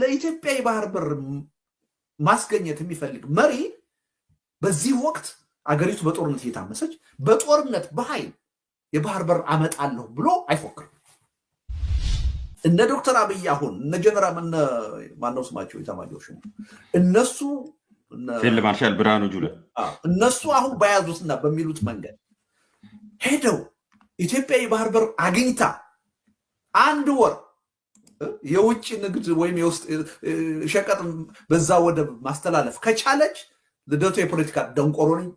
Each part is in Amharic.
ለኢትዮጵያ የባህር በር ማስገኘት የሚፈልግ መሪ በዚህ ወቅት አገሪቱ በጦርነት እየታመሰች በጦርነት በኃይል የባህር በር አመጣለሁ ብሎ አይፎክርም። እነ ዶክተር አብይ አሁን እነ ጀነራል እነ ማነው ስማቸው የታማጆች እነሱ ፊልድ ማርሻል ብርሃኑ ጁላ እነሱ አሁን በያዙትና በሚሉት መንገድ ሄደው ኢትዮጵያ የባህር በር አግኝታ አንድ ወር የውጭ ንግድ ወይም የውስጥ ሸቀጥ በዛ ወደብ ማስተላለፍ ከቻለች ልደቱ የፖለቲካ ደንቆሮ ነኝ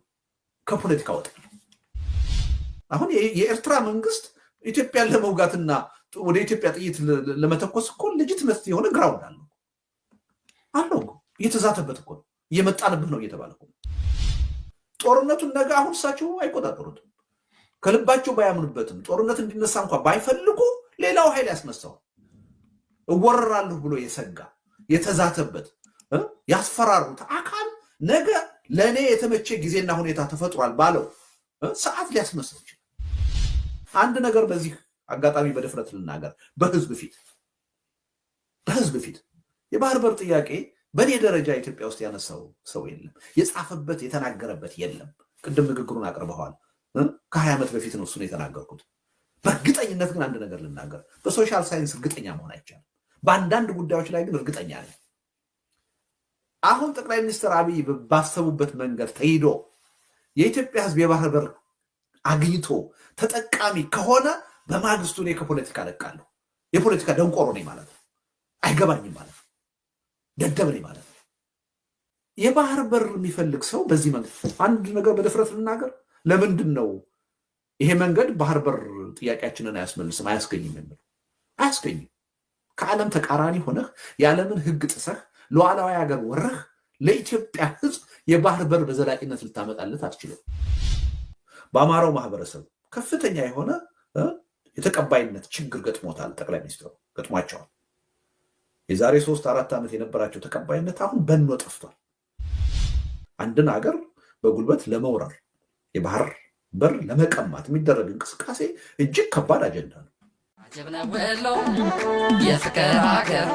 ከፖለቲካ ወጣ። አሁን የኤርትራ መንግስት ኢትዮጵያን ለመውጋትና ወደ ኢትዮጵያ ጥይት ለመተኮስ እኮ መስት የሆነ ግራውንድ አለው አለው እየተዛተበት እኮ እየመጣንብህ ነው እየተባለ ጦርነቱን ነገ አሁን እሳቸው አይቆጣጠሩትም። ከልባቸው ባያምኑበትም ጦርነት እንዲነሳ እንኳ ባይፈልጉ ሌላው ኃይል ያስነሳዋል። እወረራለሁ ብሎ የሰጋ የተዛተበት ያስፈራሩት አካል ነገ ለእኔ የተመቸ ጊዜና ሁኔታ ተፈጥሯል ባለው ሰዓት ሊያስመስል ይችላል። አንድ ነገር በዚህ አጋጣሚ በድፍረት ልናገር፣ በህዝብ ፊት በህዝብ ፊት የባህር በር ጥያቄ በእኔ ደረጃ ኢትዮጵያ ውስጥ ያነሳው ሰው የለም፣ የጻፈበት የተናገረበት የለም። ቅድም ንግግሩን አቅርበዋል። ከሀያ ዓመት በፊት ነው እሱን የተናገርኩት። በእርግጠኝነት ግን አንድ ነገር ልናገር፣ በሶሻል ሳይንስ እርግጠኛ መሆን አይቻልም። በአንዳንድ ጉዳዮች ላይ ግን እርግጠኛ ነኝ። አሁን ጠቅላይ ሚኒስትር አብይ ባሰቡበት መንገድ ተሂዶ የኢትዮጵያ ሕዝብ የባህር በር አግኝቶ ተጠቃሚ ከሆነ በማግስቱ እኔ ከፖለቲካ ለቃለሁ። የፖለቲካ ደንቆሮ ነኝ ማለት ነው። አይገባኝም ማለት ነው። ደደብ ነኝ ማለት ነው። የባህር በር የሚፈልግ ሰው በዚህ መንገድ አንድ ነገር በድፍረት ልናገር፣ ለምንድን ነው ይሄ መንገድ ባህር በር ጥያቄያችንን አያስመልስም አያስገኝም የምለው አያስገኝም ከዓለም ተቃራኒ ሆነህ የዓለምን ሕግ ጥሰህ ሉዓላዊ ሀገር ወረህ ለኢትዮጵያ ሕዝብ የባህር በር በዘላቂነት ልታመጣለት አትችልም። በአማራው ማህበረሰብ ከፍተኛ የሆነ የተቀባይነት ችግር ገጥሞታል። ጠቅላይ ሚኒስትሩ ገጥሟቸዋል። የዛሬ ሶስት አራት ዓመት የነበራቸው ተቀባይነት አሁን በኖ ጠፍቷል። አንድን ሀገር በጉልበት ለመውረር የባህር በር ለመቀማት የሚደረግ እንቅስቃሴ እጅግ ከባድ አጀንዳ ነው። አጀብነ ወሎ የፍቅር አገር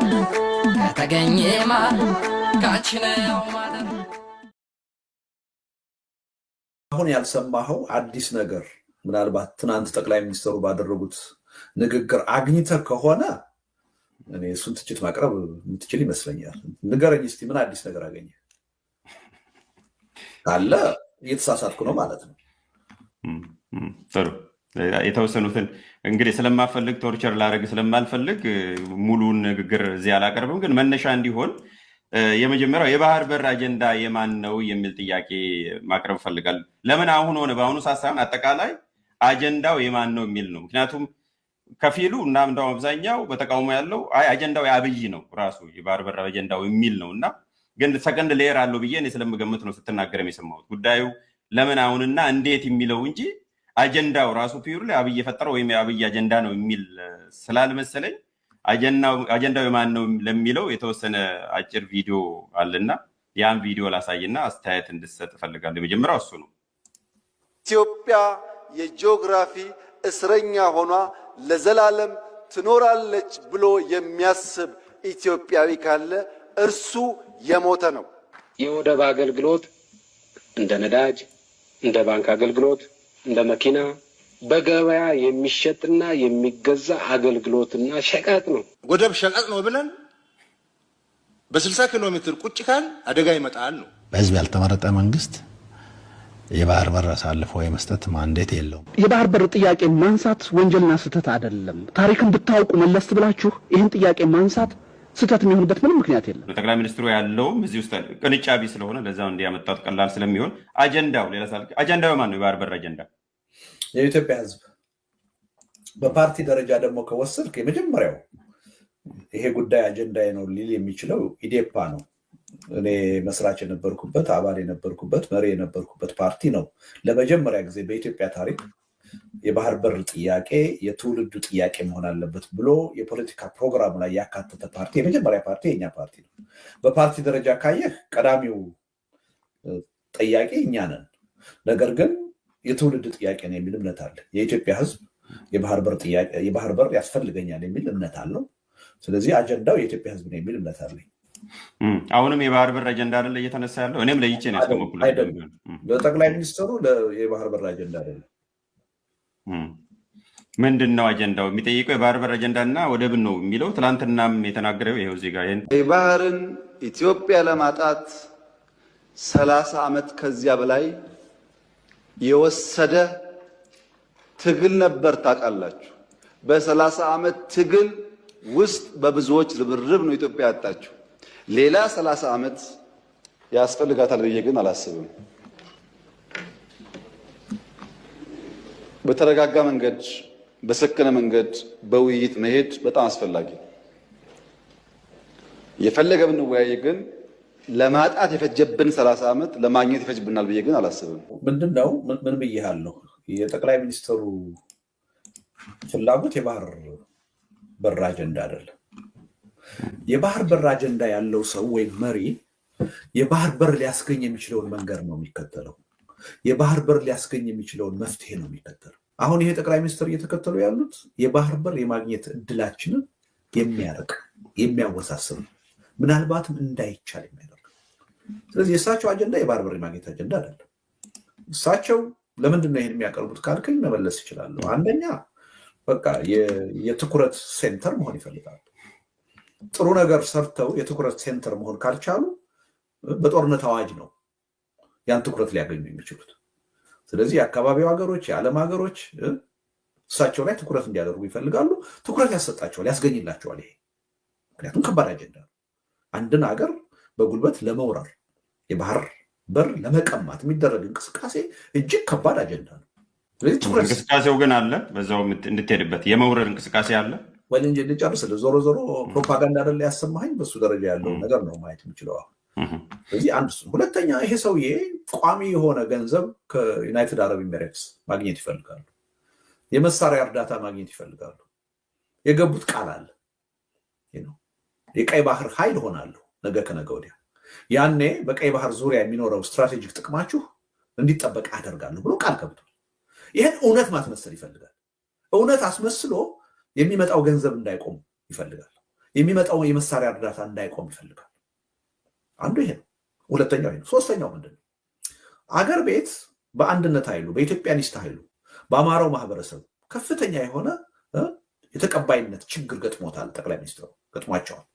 ከተገኘ ካችነው ማለት አሁን ያልሰማኸው አዲስ ነገር ምናልባት ትናንት ጠቅላይ ሚኒስትሩ ባደረጉት ንግግር አግኝተ ከሆነ እኔ እሱን ትችት ማቅረብ የምትችል ይመስለኛል። ንገረኝ እስኪ ምን አዲስ ነገር አገኘ ካለ እየተሳሳትኩ ነው ማለት ነው። ጥሩ የተወሰኑትን እንግዲህ ስለማፈልግ ቶርቸር ላረግ ስለማልፈልግ ሙሉን ንግግር እዚህ አላቀርብም። ግን መነሻ እንዲሆን የመጀመሪያው የባህር በር አጀንዳ የማን ነው የሚል ጥያቄ ማቅረብ እፈልጋለሁ። ለምን አሁን ሆነ በአሁኑ ሰዓት ሳይሆን አጠቃላይ አጀንዳው የማን ነው የሚል ነው። ምክንያቱም ከፊሉ እና እንደው አብዛኛው በተቃውሞ ያለው አይ አጀንዳው የአብይ ነው ራሱ የባህር በር አጀንዳው የሚል ነው እና ግን ሰከንድ ሌየር አለው ብዬ እኔ ስለምገምት ነው ስትናገረም የሰማሁት ጉዳዩ ለምን አሁንና እንዴት የሚለው እንጂ አጀንዳው ራሱ ፒዩር ላይ አብይ የፈጠረው ወይም የአብይ አጀንዳ ነው የሚል ስላልመሰለኝ አጀንዳው የማን ነው ለሚለው የተወሰነ አጭር ቪዲዮ አለና ያን ቪዲዮ ላሳይና አስተያየት እንድሰጥ እፈልጋለሁ። የመጀመሪያው እሱ ነው። ኢትዮጵያ የጂኦግራፊ እስረኛ ሆኗ ለዘላለም ትኖራለች ብሎ የሚያስብ ኢትዮጵያዊ ካለ እርሱ የሞተ ነው። የወደብ አገልግሎት እንደ ነዳጅ እንደ ባንክ አገልግሎት እንደመኪና በገበያ የሚሸጥና የሚገዛ አገልግሎትና ሸቀጥ ነው። ጎደብ ሸቀጥ ነው ብለን በስልሳ ኪሎ ሜትር ቁጭ ካል አደጋ ይመጣል ነው። በህዝብ ያልተመረጠ መንግስት የባህር በር አሳልፎ የመስጠት ማንዴት የለውም። የባህር በር ጥያቄ ማንሳት ወንጀልና ስህተት አይደለም። ታሪክን ብታውቁ መለስ ብላችሁ ይህን ጥያቄ ማንሳት ስህተት የሚሆንበት ምንም ምክንያት የለም። ጠቅላይ ሚኒስትሩ ያለውም እዚህ ውስጥ ቅንጫቢ ስለሆነ ለዛ እንዲያመጣት ቀላል ስለሚሆን አጀንዳው ሌላ አጀንዳው ማን ነው? የባህር በር አጀንዳ የኢትዮጵያ ህዝብ በፓርቲ ደረጃ ደግሞ ከወሰድክ የመጀመሪያው ይሄ ጉዳይ አጀንዳ ነው ሊል የሚችለው ኢዴፓ ነው። እኔ መስራች የነበርኩበት አባል የነበርኩበት መሪ የነበርኩበት ፓርቲ ነው። ለመጀመሪያ ጊዜ በኢትዮጵያ ታሪክ የባህር በር ጥያቄ የትውልዱ ጥያቄ መሆን አለበት ብሎ የፖለቲካ ፕሮግራም ላይ ያካተተ ፓርቲ የመጀመሪያ ፓርቲ የኛ ፓርቲ ነው። በፓርቲ ደረጃ ካየህ ቀዳሚው ጥያቄ እኛ ነን። ነገር ግን የትውልድ ጥያቄ ነው የሚል እምነት አለ። የኢትዮጵያ ሕዝብ የባህር በር ያስፈልገኛል የሚል እምነት አለው። ስለዚህ አጀንዳው የኢትዮጵያ ሕዝብ ነው የሚል እምነት አለኝ። አሁንም የባህር በር አጀንዳ አይደለ እየተነሳ ያለው እኔም ለይቼ ነው ያስቀመጥኩት። ለጠቅላይ ሚኒስትሩ የባህር በር አጀንዳ አይደለም ምንድን ነው አጀንዳው? የሚጠይቀው የባህር በር አጀንዳና ወደብን ነው የሚለው። ትናንትናም የተናገረው ይኸው ዜጋ የባህርን ኢትዮጵያ ለማጣት ሰላሳ ዓመት ከዚያ በላይ የወሰደ ትግል ነበር። ታውቃላችሁ፣ በሰላሳ ዓመት ትግል ውስጥ በብዙዎች ርብርብ ነው ኢትዮጵያ ያጣችው። ሌላ ሰላሳ ዓመት ያስፈልጋታል ብዬ ግን አላስብም። በተረጋጋ መንገድ በሰከነ መንገድ በውይይት መሄድ በጣም አስፈላጊ ነው። የፈለገ ብንወያይ ግን ለማጣት የፈጀብን ሰላሳ ዓመት ለማግኘት ይፈጅብናል ብዬ ግን አላስብም። ምንድን ነው ምን ብያለሁ? የጠቅላይ ሚኒስትሩ ፍላጎት የባህር በር አጀንዳ አይደለም። የባህር በር አጀንዳ ያለው ሰው ወይም መሪ የባህር በር ሊያስገኝ የሚችለውን መንገድ ነው የሚከተለው። የባህር በር ሊያስገኝ የሚችለውን መፍትሄ ነው የሚከተለው። አሁን ይሄ ጠቅላይ ሚኒስትር እየተከተሉ ያሉት የባህር በር የማግኘት እድላችንን የሚያርቅ የሚያወሳስብ ምናልባትም እንዳይቻል የሚያደርግ ስለዚህ የእሳቸው አጀንዳ የባህር በር የማግኘት አጀንዳ አይደለም። እሳቸው ለምንድን ነው ይሄን የሚያቀርቡት ካልከኝ መመለስ ይችላሉ። አንደኛ በቃ የትኩረት ሴንተር መሆን ይፈልጋሉ። ጥሩ ነገር ሰርተው የትኩረት ሴንተር መሆን ካልቻሉ በጦርነት አዋጅ ነው ያን ትኩረት ሊያገኙ የሚችሉት። ስለዚህ የአካባቢው ሀገሮች፣ የዓለም ሀገሮች እሳቸው ላይ ትኩረት እንዲያደርጉ ይፈልጋሉ። ትኩረት ያሰጣቸዋል፣ ያስገኝላቸዋል። ይሄ ምክንያቱም ከባድ አጀንዳ ነው። አንድን ሀገር በጉልበት ለመውረር የባህር በር ለመቀማት የሚደረግ እንቅስቃሴ እጅግ ከባድ አጀንዳ ነው። እንቅስቃሴው ግን አለ፣ በዛው እንድትሄድበት የመውረር እንቅስቃሴ አለ። ወይ ልጨርስ። ዞሮ ዞሮ ፕሮፓጋንዳ አይደል ያሰማኝ በሱ ደረጃ ያለው ነገር ነው ማየት የምችለው አሁን እዚህ አንድ እሱ። ሁለተኛ ይሄ ሰውዬ ቋሚ የሆነ ገንዘብ ከዩናይትድ አረብ ኤሚሬትስ ማግኘት ይፈልጋሉ። የመሳሪያ እርዳታ ማግኘት ይፈልጋሉ። የገቡት ቃል አለ። የቀይ ባህር ኃይል ሆናሉ ነገ ከነገ ወዲያ። ያኔ በቀይ ባህር ዙሪያ የሚኖረው ስትራቴጂክ ጥቅማችሁ እንዲጠበቅ አደርጋለሁ ብሎ ቃል ገብቷል። ይህን እውነት ማስመሰል ይፈልጋል። እውነት አስመስሎ የሚመጣው ገንዘብ እንዳይቆም ይፈልጋል። የሚመጣው የመሳሪያ እርዳታ እንዳይቆም ይፈልጋል። አንዱ ይሄ ነው። ሁለተኛው ይሄ ነው። ሶስተኛው ምንድን ነው? አገር ቤት በአንድነት ኃይሉ በኢትዮጵያኒስት ኃይሉ በአማራው ማህበረሰብ ከፍተኛ የሆነ የተቀባይነት ችግር ገጥሞታል። ጠቅላይ ሚኒስትሩ ገጥሟቸዋል።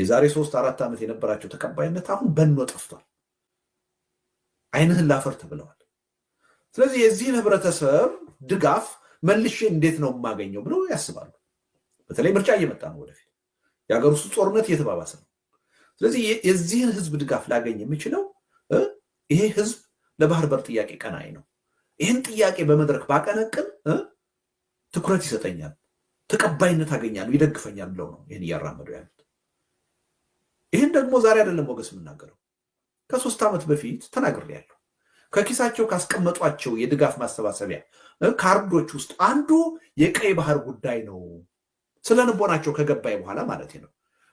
የዛሬ ሶስት አራት ዓመት የነበራቸው ተቀባይነት አሁን በኖ ጠፍቷል። አይንህን ላፈር ተብለዋል። ስለዚህ የዚህን ህብረተሰብ ድጋፍ መልሼ እንዴት ነው የማገኘው ብለው ያስባሉ። በተለይ ምርጫ እየመጣ ነው። ወደፊት የሀገር ውስጥ ጦርነት እየተባባሰ ነው። ስለዚህ የዚህን ህዝብ ድጋፍ ላገኝ የምችለው ይሄ ህዝብ ለባህር በር ጥያቄ ቀናይ ነው። ይህን ጥያቄ በመድረክ ባቀነቅን ትኩረት ይሰጠኛል፣ ተቀባይነት አገኛለሁ፣ ይደግፈኛል ብለው ነው ይህን እያራመዱ ያሉት። ይህን ደግሞ ዛሬ አይደለም ወገስ የምናገረው ከሶስት ዓመት በፊት ተናግሬያለሁ። ከኪሳቸው ካስቀመጧቸው የድጋፍ ማሰባሰቢያ ካርዶች ውስጥ አንዱ የቀይ ባህር ጉዳይ ነው። ስለ ንቦናቸው ከገባኝ በኋላ ማለት ነው።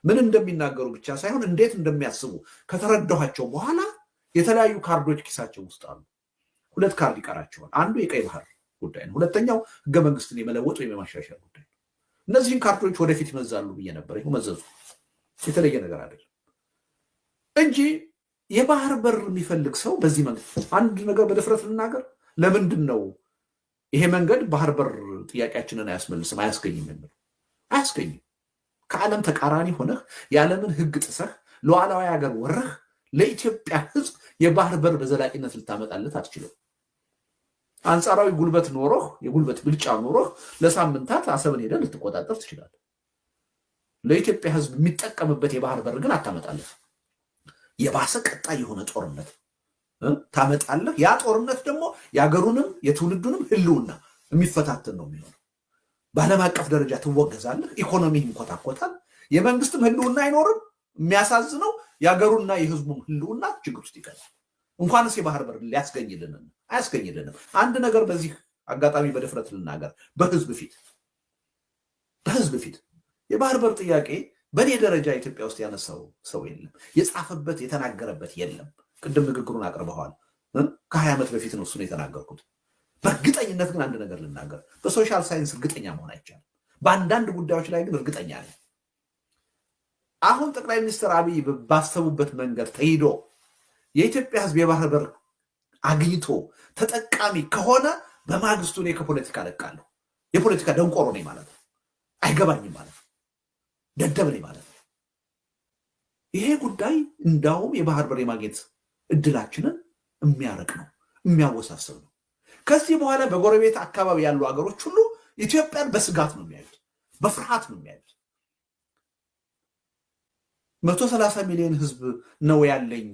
ምን እንደሚናገሩ ብቻ ሳይሆን እንዴት እንደሚያስቡ ከተረዳኋቸው በኋላ የተለያዩ ካርዶች ኪሳቸው ውስጥ አሉ። ሁለት ካርድ ይቀራቸዋል። አንዱ የቀይ ባህር ጉዳይ ነው። ሁለተኛው ህገ መንግስትን የመለወጥ ወይም የማሻሻል ጉዳይ ነው። እነዚህን ካርዶች ወደፊት ይመዛሉ ብዬ ነበር። መዘዙ። የተለየ ነገር አይደለም እንጂ የባህር በር የሚፈልግ ሰው በዚህ መንገድ አንድ ነገር በድፍረት ልናገር፣ ለምንድን ነው ይሄ መንገድ ባህር በር ጥያቄያችንን አያስመልስም አያስገኝም የምለው አያስገኝም ከዓለም ተቃራኒ ሆነህ የዓለምን ሕግ ጥሰህ ሉዓላዊ ሀገር ወረህ ለኢትዮጵያ ሕዝብ የባህር በር በዘላቂነት ልታመጣለት አትችልም። አንጻራዊ ጉልበት ኖሮህ የጉልበት ብልጫ ኖሮህ ለሳምንታት አሰብን ሄደህ ልትቆጣጠር ትችላለህ። ለኢትዮጵያ ሕዝብ የሚጠቀምበት የባህር በር ግን አታመጣለህ። የባሰ ቀጣይ የሆነ ጦርነት ታመጣለህ። ያ ጦርነት ደግሞ የሀገሩንም የትውልዱንም ሕልውና የሚፈታተን ነው የሚሆነው። በዓለም አቀፍ ደረጃ ትወገዛለህ፣ ኢኮኖሚ ይንኮታኮታል፣ የመንግስትም ህልውና አይኖርም። የሚያሳዝነው የሀገሩና የህዝቡም ህልውና ችግር ውስጥ ይገዛል። እንኳንስ የባህር በር ሊያስገኝልንም አያስገኝልንም። አንድ ነገር በዚህ አጋጣሚ በድፍረት ልናገር፣ በህዝብ ፊት በህዝብ ፊት የባህር በር ጥያቄ በእኔ ደረጃ ኢትዮጵያ ውስጥ ያነሳው ሰው የለም፣ የጻፈበት የተናገረበት የለም። ቅድም ንግግሩን አቅርበዋል። ከሀያ ዓመት በፊት ነው እሱን የተናገርኩት። በእርግጠኝነት ግን አንድ ነገር ልናገር፣ በሶሻል ሳይንስ እርግጠኛ መሆን አይቻልም። በአንዳንድ ጉዳዮች ላይ ግን እርግጠኛ ነኝ። አሁን ጠቅላይ ሚኒስትር አብይ ባሰቡበት መንገድ ተሂዶ የኢትዮጵያ ሕዝብ የባህር በር አግኝቶ ተጠቃሚ ከሆነ በማግስቱ እኔ ከፖለቲካ ለቃለሁ። የፖለቲካ ደንቆሮ ነኝ ማለት ነው። አይገባኝም ማለት ነው። ደደብ ነኝ ማለት ነው። ይሄ ጉዳይ እንዳውም የባህር በር የማግኘት እድላችንን የሚያረቅ ነው፣ የሚያወሳስብ ነው። ከዚህ በኋላ በጎረቤት አካባቢ ያሉ ሀገሮች ሁሉ ኢትዮጵያን በስጋት ነው የሚያዩት፣ በፍርሃት ነው የሚያዩት። መቶ ሰላሳ ሚሊዮን ህዝብ ነው ያለኝ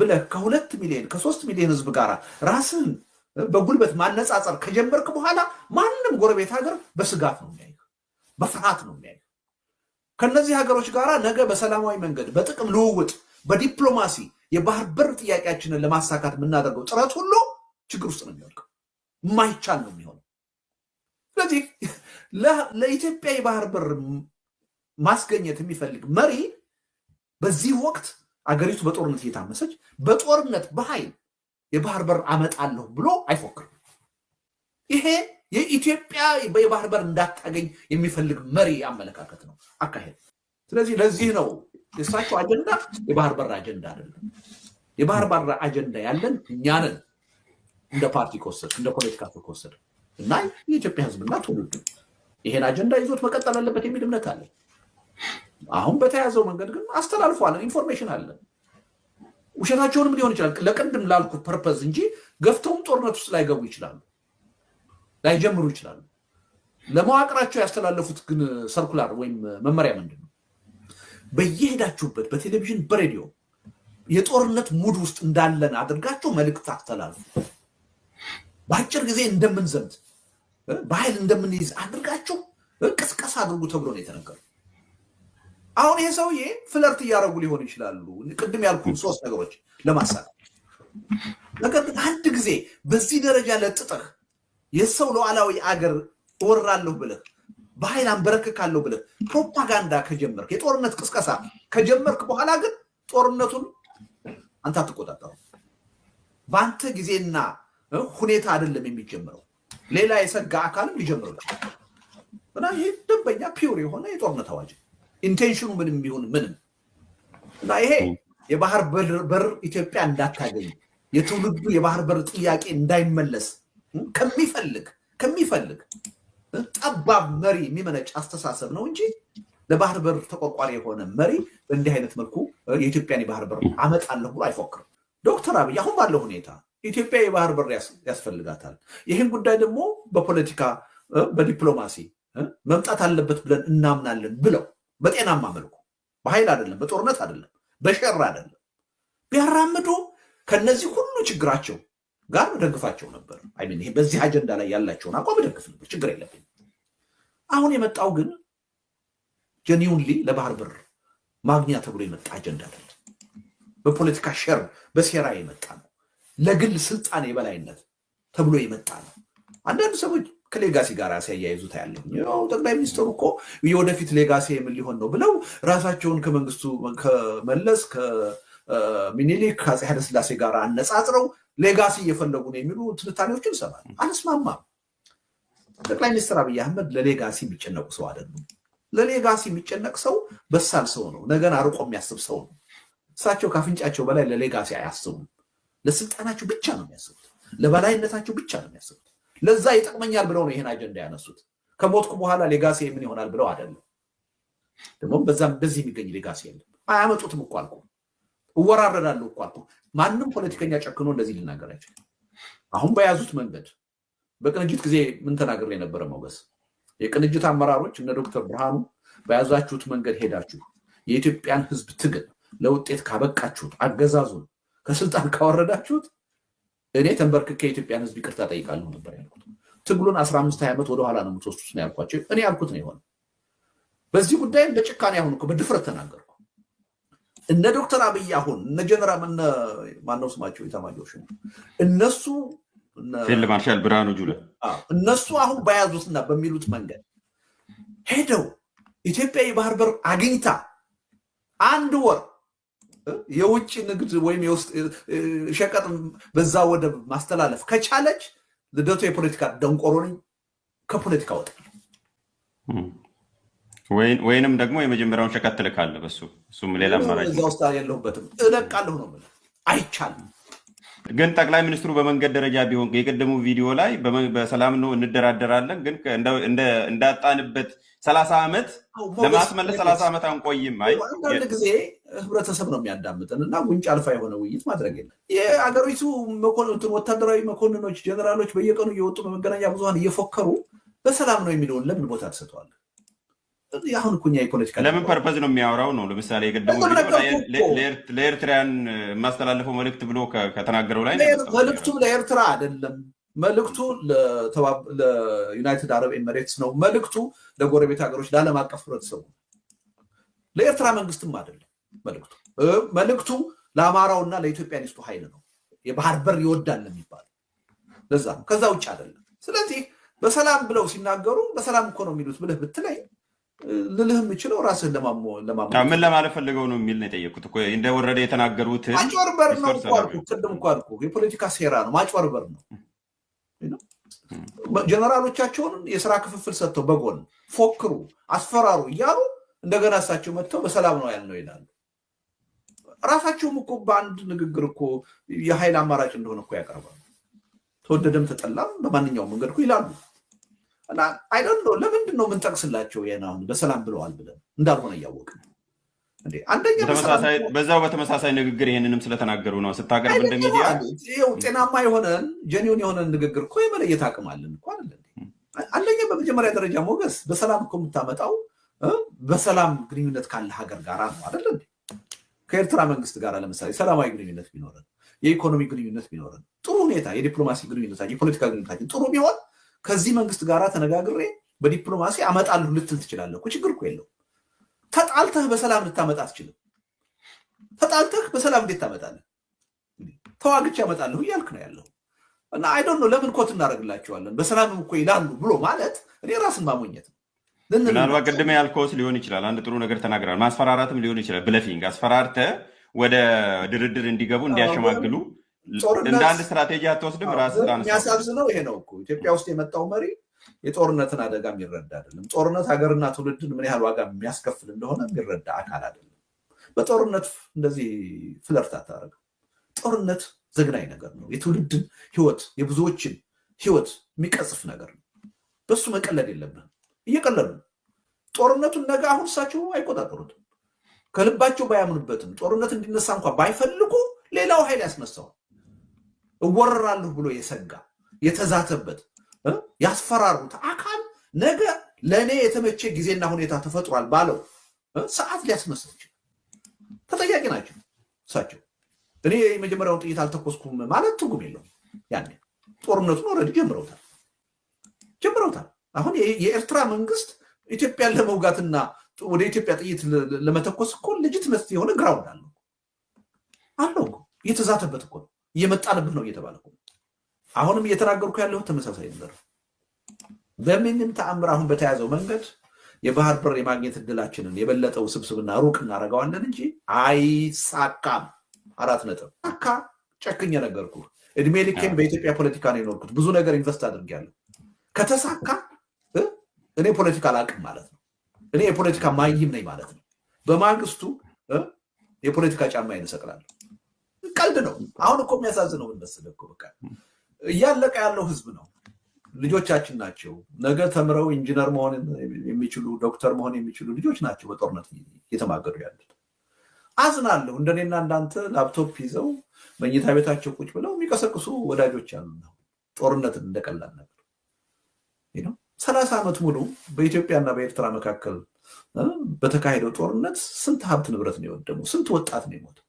ብለህ ከሁለት ሚሊዮን ከሶስት ሚሊዮን ህዝብ ጋር ራስህን በጉልበት ማነጻጸር ከጀመርክ በኋላ ማንም ጎረቤት ሀገር በስጋት ነው የሚያዩ፣ በፍርሃት ነው የሚያዩ። ከነዚህ ሀገሮች ጋር ነገ በሰላማዊ መንገድ በጥቅም ልውውጥ፣ በዲፕሎማሲ የባህር በር ጥያቄያችንን ለማሳካት የምናደርገው ጥረት ሁሉ ችግር ውስጥ ነው የሚወድቀው። ማይቻል ነው የሚሆነው። ስለዚህ ለኢትዮጵያ የባህር በር ማስገኘት የሚፈልግ መሪ በዚህ ወቅት አገሪቱ በጦርነት እየታመሰች በጦርነት በኃይል የባህር በር አመጣለሁ ብሎ አይፎክርም። ይሄ የኢትዮጵያ የባህር በር እንዳታገኝ የሚፈልግ መሪ አመለካከት ነው አካሄድ። ስለዚህ ለዚህ ነው የእሳቸው አጀንዳ የባህር በር አጀንዳ አይደለም። የባህር በር አጀንዳ ያለን እኛ ነን። እንደ ፓርቲ ከወሰድክ እንደ ፖለቲካ ከወሰድክ እና የኢትዮጵያ ህዝብና ትውልዱ ይሄን አጀንዳ ይዞት መቀጠል አለበት የሚል እምነት አለ። አሁን በተያዘው መንገድ ግን አስተላልፏለን፣ ኢንፎርሜሽን አለን። ውሸታቸውንም ሊሆን ይችላል ለቅድም ላልኩ ፐርፐዝ እንጂ ገፍተውም ጦርነት ውስጥ ላይገቡ ይችላሉ፣ ላይጀምሩ ይችላሉ። ለመዋቅራቸው ያስተላለፉት ግን ሰርኩላር ወይም መመሪያ ምንድን ነው? በየሄዳችሁበት በቴሌቪዥን በሬዲዮ የጦርነት ሙድ ውስጥ እንዳለን አድርጋችሁ መልእክት አስተላልፉ። በአጭር ጊዜ እንደምንዘምት በኃይል እንደምንይዝ አድርጋችሁ ቅስቀሳ አድርጉ ተብሎ ነው የተነገሩ። አሁን ይሄ ሰውዬ ፍለርት እያደረጉ ሊሆን ይችላሉ። ቅድም ያልኩ ሶስት ነገሮች ለማሳት ነገር ግን አንድ ጊዜ በዚህ ደረጃ ለጥጥህ የሰው ሉዓላዊ አገር እወራለሁ ብለህ በኃይል አንበረክካለሁ ብለህ ፕሮፓጋንዳ ከጀመርክ የጦርነት ቅስቀሳ ከጀመርክ በኋላ ግን ጦርነቱን አንተ አትቆጣጠሩ። በአንተ ጊዜና ሁኔታ አይደለም የሚጀምረው፣ ሌላ የሰጋ አካልም ሊጀምር እና ይህ ደንበኛ ፒውር የሆነ የጦርነት አዋጅ ኢንቴንሽኑ ምንም ቢሆን ምንም እና ይሄ የባህር በር ኢትዮጵያ እንዳታገኝ የትውልዱ የባህር በር ጥያቄ እንዳይመለስ ከሚፈልግ ከሚፈልግ ጠባብ መሪ የሚመነጭ አስተሳሰብ ነው እንጂ ለባህር በር ተቆርቋሪ የሆነ መሪ በእንዲህ አይነት መልኩ የኢትዮጵያን የባህር በር አመጣለሁ ብሎ አይፎክርም። ዶክተር አብይ አሁን ባለው ሁኔታ ኢትዮጵያ የባህር በር ያስፈልጋታል። ይህን ጉዳይ ደግሞ በፖለቲካ በዲፕሎማሲ መምጣት አለበት ብለን እናምናለን ብለው በጤናማ መልኩ በኃይል አይደለም፣ በጦርነት አይደለም፣ በሸር አይደለም ቢያራምዱ ከነዚህ ሁሉ ችግራቸው ጋር ደግፋቸው ነበር። ይሄ በዚህ አጀንዳ ላይ ያላቸውን አቋም ደግፍ ነበር፣ ችግር የለብኝ። አሁን የመጣው ግን ጀኒውንሊ ለባህር በር ማግኛ ተብሎ የመጣ አጀንዳ አይደለም። በፖለቲካ ሸር በሴራ የመጣ ነው። ለግል ስልጣን የበላይነት ተብሎ የመጣ ነው። አንዳንድ ሰዎች ከሌጋሲ ጋር ሲያያይዙት ታያለሁ። ጠቅላይ ሚኒስትሩ እኮ የወደፊት ሌጋሲ የምን ሊሆን ነው ብለው ራሳቸውን ከመንግስቱ ከመለስ ከሚኒሊክ ከአፄ ኃይለሥላሴ ጋር አነጻጽረው ሌጋሲ እየፈለጉ ነው የሚሉ ትንታኔዎችን ይሰማል። አልስማማም። ጠቅላይ ሚኒስትር አብይ አህመድ ለሌጋሲ የሚጨነቁ ሰው አይደሉም። ለሌጋሲ የሚጨነቅ ሰው በሳል ሰው ነው። ነገን አርቆ የሚያስብ ሰው ነው። እሳቸው ከአፍንጫቸው በላይ ለሌጋሲ አያስቡም። ለስልጣናችሁ ብቻ ነው የሚያስቡት፣ ለበላይነታችሁ ብቻ ነው የሚያስቡት። ለዛ ይጠቅመኛል ብለው ነው ይሄን አጀንዳ ያነሱት። ከሞትኩ በኋላ ሌጋሴ ምን ይሆናል ብለው አይደለም። ደግሞ በዛም በዚህ የሚገኝ ሌጋሴ የለም። አያመጡትም እኮ አልኩ፣ እወራረዳለሁ እኮ አልኩ። ማንም ፖለቲከኛ ጨክኖ እንደዚህ ሊናገር አይችልም። አሁን በያዙት መንገድ በቅንጅት ጊዜ ምን ተናገር የነበረ ሞገስ፣ የቅንጅት አመራሮች እነ ዶክተር ብርሃኑ በያዛችሁት መንገድ ሄዳችሁ የኢትዮጵያን ሕዝብ ትግል ለውጤት ካበቃችሁት አገዛዙን ከስልጣን ካወረዳችሁት እኔ ተንበርክኬ የኢትዮጵያን ህዝብ ይቅርታ ጠይቃለሁ ነበር ያልኩት። ትግሉን አስራ አምስት ዓመት ወደኋላ ነው ምትወስዱ ነው ያልኳቸው። እኔ ያልኩት ነው የሆነ። በዚህ ጉዳይ እንደ ጭካኔ አሁን እኮ በድፍረት ተናገርኩ። እነ ዶክተር አብይ አሁን እነ ጀነራል እነ ማነው ስማቸው የታማጆች እነሱ ፊልድ ማርሻል ብርሃኑ ጁላ እነሱ አሁን በያዙትና በሚሉት መንገድ ሄደው ኢትዮጵያ የባህር በር አግኝታ አንድ ወር የውጭ ንግድ ወይም ሸቀጥ በዛ ወደብ ማስተላለፍ ከቻለች ልደቱ የፖለቲካ ደንቆሮ ነኝ ከፖለቲካ ወጣለሁ ወይንም ደግሞ የመጀመሪያውን ሸቀጥ ትልካለህ። በሱ እሱም ሌላ አማራጭ እዛ ውስጥ የለሁበትም እለቃለሁ ነው የምልህ። አይቻልም። ግን ጠቅላይ ሚኒስትሩ በመንገድ ደረጃ ቢሆን የቀደሙ ቪዲዮ ላይ በሰላም ነው እንደራደራለን፣ ግን እንዳጣንበት ሰላሳ ዓመት ለማስመለስ ሰላሳ ዓመት አንቆይም። አይ አንዳንድ ጊዜ ህብረተሰብ ነው የሚያዳምጥን እና ጉንጭ አልፋ የሆነ ውይይት ማድረግ የለ የአገሪቱ ወታደራዊ መኮንኖች፣ ጀነራሎች በየቀኑ እየወጡ በመገናኛ ብዙሀን እየፎከሩ በሰላም ነው የሚለውን ለምን ቦታ ትሰጠዋለን? አሁን እኮ እኛ የፖለቲካ ለምን ፐርፐዝ ነው የሚያወራው ነው። ለምሳሌ የቀደሙ ለኤርትራውያን የማስተላለፈው መልእክት ብሎ ከተናገረው ላይ መልእክቱ ለኤርትራ አይደለም። መልእክቱ ለዩናይትድ አረብ ኤሚሬትስ ነው። መልእክቱ ለጎረቤት ሀገሮች፣ ለዓለም አቀፍ ህብረተሰቡ፣ ለኤርትራ መንግስትም አይደለም። መልእክቱ መልእክቱ ለአማራውና ለኢትዮጵያኒስቱ ኃይል ነው። የባህር በር ይወዳል የሚባል ለዛ ነው። ከዛ ውጭ አይደለም። ስለዚህ በሰላም ብለው ሲናገሩ በሰላም እኮ ነው የሚሉት ብለህ ብትለይ ልልህ የምችለው ራስህን ለማሞ ምን ለማለት ፈልገው ነው የሚል ነው የጠየቁት እ እንደወረደ የተናገሩት ማጭበርበር ነው። ቅድም እኮ አልኩህ የፖለቲካ ሴራ ነው፣ ማጭበርበር ነው። ጀነራሎቻቸውን የስራ ክፍፍል ሰጥተው በጎን ፎክሩ፣ አስፈራሩ እያሉ እንደገና እሳቸው መጥተው በሰላም ነው ያልነው ይላሉ። ራሳቸውም እኮ በአንድ ንግግር እኮ የሀይል አማራጭ እንደሆነ እኮ ያቀርባሉ። ተወደደም ተጠላም በማንኛውም መንገድ እኮ ይላሉ። እና ነው ለምንድን ነው የምንጠቅስላቸው? ይሄን በሰላም ብለዋል ብለን እንዳልሆነ እያወቅን በዛው በተመሳሳይ ንግግር ይህንንም ስለተናገሩ ነው ስታቀርብ እንደሚዲያ ጤናማ የሆነን ጀኒውን የሆነን ንግግር እኮ የመለየት አቅም አለን እኮ አለ። አንደኛ በመጀመሪያ ደረጃ ሞገስ በሰላም እኮ የምታመጣው በሰላም ግንኙነት ካለ ሀገር ጋር ነው አደለ? ከኤርትራ መንግስት ጋር ለምሳሌ ሰላማዊ ግንኙነት ቢኖረን፣ የኢኮኖሚ ግንኙነት ቢኖረን፣ ጥሩ ሁኔታ የዲፕሎማሲ ግንኙነታችን፣ የፖለቲካ ግንኙነታችን ጥሩ ቢሆን ከዚህ መንግስት ጋር ተነጋግሬ በዲፕሎማሲ አመጣለሁ ልትል ትችላለህ እኮ ችግር እኮ የለው። ተጣልተህ በሰላም ልታመጣ አትችልም። ተጣልተህ በሰላም እንዴት ታመጣለህ? ተዋግቼ አመጣለሁ እያልክ ነው ያለው እና አይዶን ነው ለምን ኮት እናደርግላቸዋለን በሰላምም እኮ ይላሉ ብሎ ማለት እኔ ራስን ማሞኘት ነው። ምናልባት ቅድም ያልከውስ ሊሆን ይችላል። አንድ ጥሩ ነገር ተናግራል። ማስፈራራትም ሊሆን ይችላል። ብለፊንግ አስፈራርተ ወደ ድርድር እንዲገቡ እንዲያሸማግሉ እንደ አንድ ስትራቴጂ አትወስድም። የሚያሳዝነው ይሄ ነው እኮ ኢትዮጵያ ውስጥ የመጣው መሪ የጦርነትን አደጋ የሚረዳ አይደለም። ጦርነት ሀገርና ትውልድን ምን ያህል ዋጋ የሚያስከፍል እንደሆነ የሚረዳ አካል አይደለም። በጦርነት እንደዚህ ፍለርት አታደርግም። ጦርነት ዘግናኝ ነገር ነው። የትውልድን ህይወት የብዙዎችን ህይወት የሚቀጽፍ ነገር ነው። በሱ መቀለድ የለብን። እየቀለሉ ጦርነቱን ነገ አሁን እሳቸው አይቆጣጠሩትም። ከልባቸው ባያምኑበትም ጦርነት እንዲነሳ እንኳ ባይፈልጉ ሌላው ኃይል ያስነሳዋል። እወረራለሁ ብሎ የሰጋ የተዛተበት ያስፈራሩት አካል ነገ ለእኔ የተመቼ ጊዜና ሁኔታ ተፈጥሯል ባለው ሰዓት ሊያስመስል ይችላል። ተጠያቂ ናቸው እሳቸው። እኔ የመጀመሪያውን ጥይት አልተኮስኩም ማለት ትርጉም የለውም። ያኔ ጦርነቱን ወረድ ጀምረውታል ጀምረውታል። አሁን የኤርትራ መንግስት ኢትዮጵያን ለመውጋትና ወደ ኢትዮጵያ ጥይት ለመተኮስ እኮ ልጅት መስት የሆነ ግራውንድ አለው አለው እየተዛተበት እኮ ነው። እየመጣንብን ነው እየተባለ አሁንም እየተናገርኩ ያለሁ ተመሳሳይ ነገር። በምንም ተአምር አሁን በተያዘው መንገድ የባህር በር የማግኘት እድላችንን የበለጠ ውስብስብና ሩቅ እናደርገዋለን እንጂ አይሳካም። አራት ነጥብ ሳካ ጨክኝ ነገርኩ። እድሜ ልኬን በኢትዮጵያ ፖለቲካ ነው የኖርኩት። ብዙ ነገር ኢንቨስት አድርጌያለሁ። ከተሳካ እኔ ፖለቲካ አላቅም ማለት ነው። እኔ የፖለቲካ ማይም ነኝ ማለት ነው። በማግስቱ የፖለቲካ ጫማ ይንሰቅላለሁ። ቀልድ ነው። አሁን እኮ የሚያሳዝነው ምን እኮ በቃ እያለቀ ያለው ህዝብ ነው። ልጆቻችን ናቸው። ነገ ተምረው ኢንጂነር መሆን የሚችሉ ዶክተር መሆን የሚችሉ ልጆች ናቸው በጦርነት እየተማገዱ ያሉት። አዝናለሁ። እንደኔና እንዳንተ ላፕቶፕ ይዘው መኝታ ቤታቸው ቁጭ ብለው የሚቀሰቅሱ ወዳጆች አሉ። ጦርነትን እንደቀላል ነገር ሰላሳ ዓመት ሙሉ በኢትዮጵያና በኤርትራ መካከል በተካሄደው ጦርነት ስንት ሀብት ንብረት ነው የወደመው? ስንት ወጣት ነው የሞተው?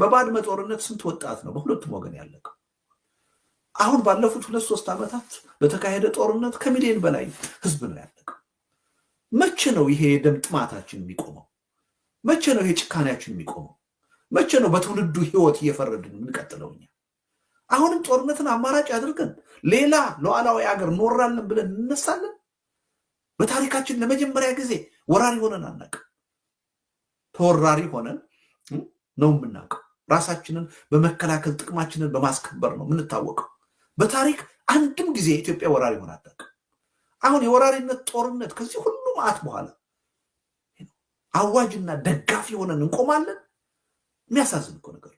በባድመ ጦርነት ስንት ወጣት ነው በሁለቱም ወገን ያለቀው? አሁን ባለፉት ሁለት ሶስት ዓመታት በተካሄደ ጦርነት ከሚሊዮን በላይ ህዝብ ነው ያለቀው። መቼ ነው ይሄ የደም ጥማታችን የሚቆመው? መቼ ነው ይሄ ጭካኔያችን የሚቆመው? መቼ ነው በትውልዱ ህይወት እየፈረድን የምንቀጥለው? እኛ አሁንም ጦርነትን አማራጭ አድርገን ሌላ ሉዓላዊ ሀገር እንወራለን ብለን እንነሳለን። በታሪካችን ለመጀመሪያ ጊዜ ወራሪ ሆነን አናውቅም። ተወራሪ ሆነን ነው የምናውቀው። ራሳችንን በመከላከል ጥቅማችንን በማስከበር ነው የምንታወቀው። በታሪክ አንድም ጊዜ ኢትዮጵያ ወራሪ ሆን አታውቅም። አሁን የወራሪነት ጦርነት ከዚህ ሁሉ መዓት በኋላ አዋጅና ደጋፊ ሆነን እንቆማለን። የሚያሳዝን እኮ ነገር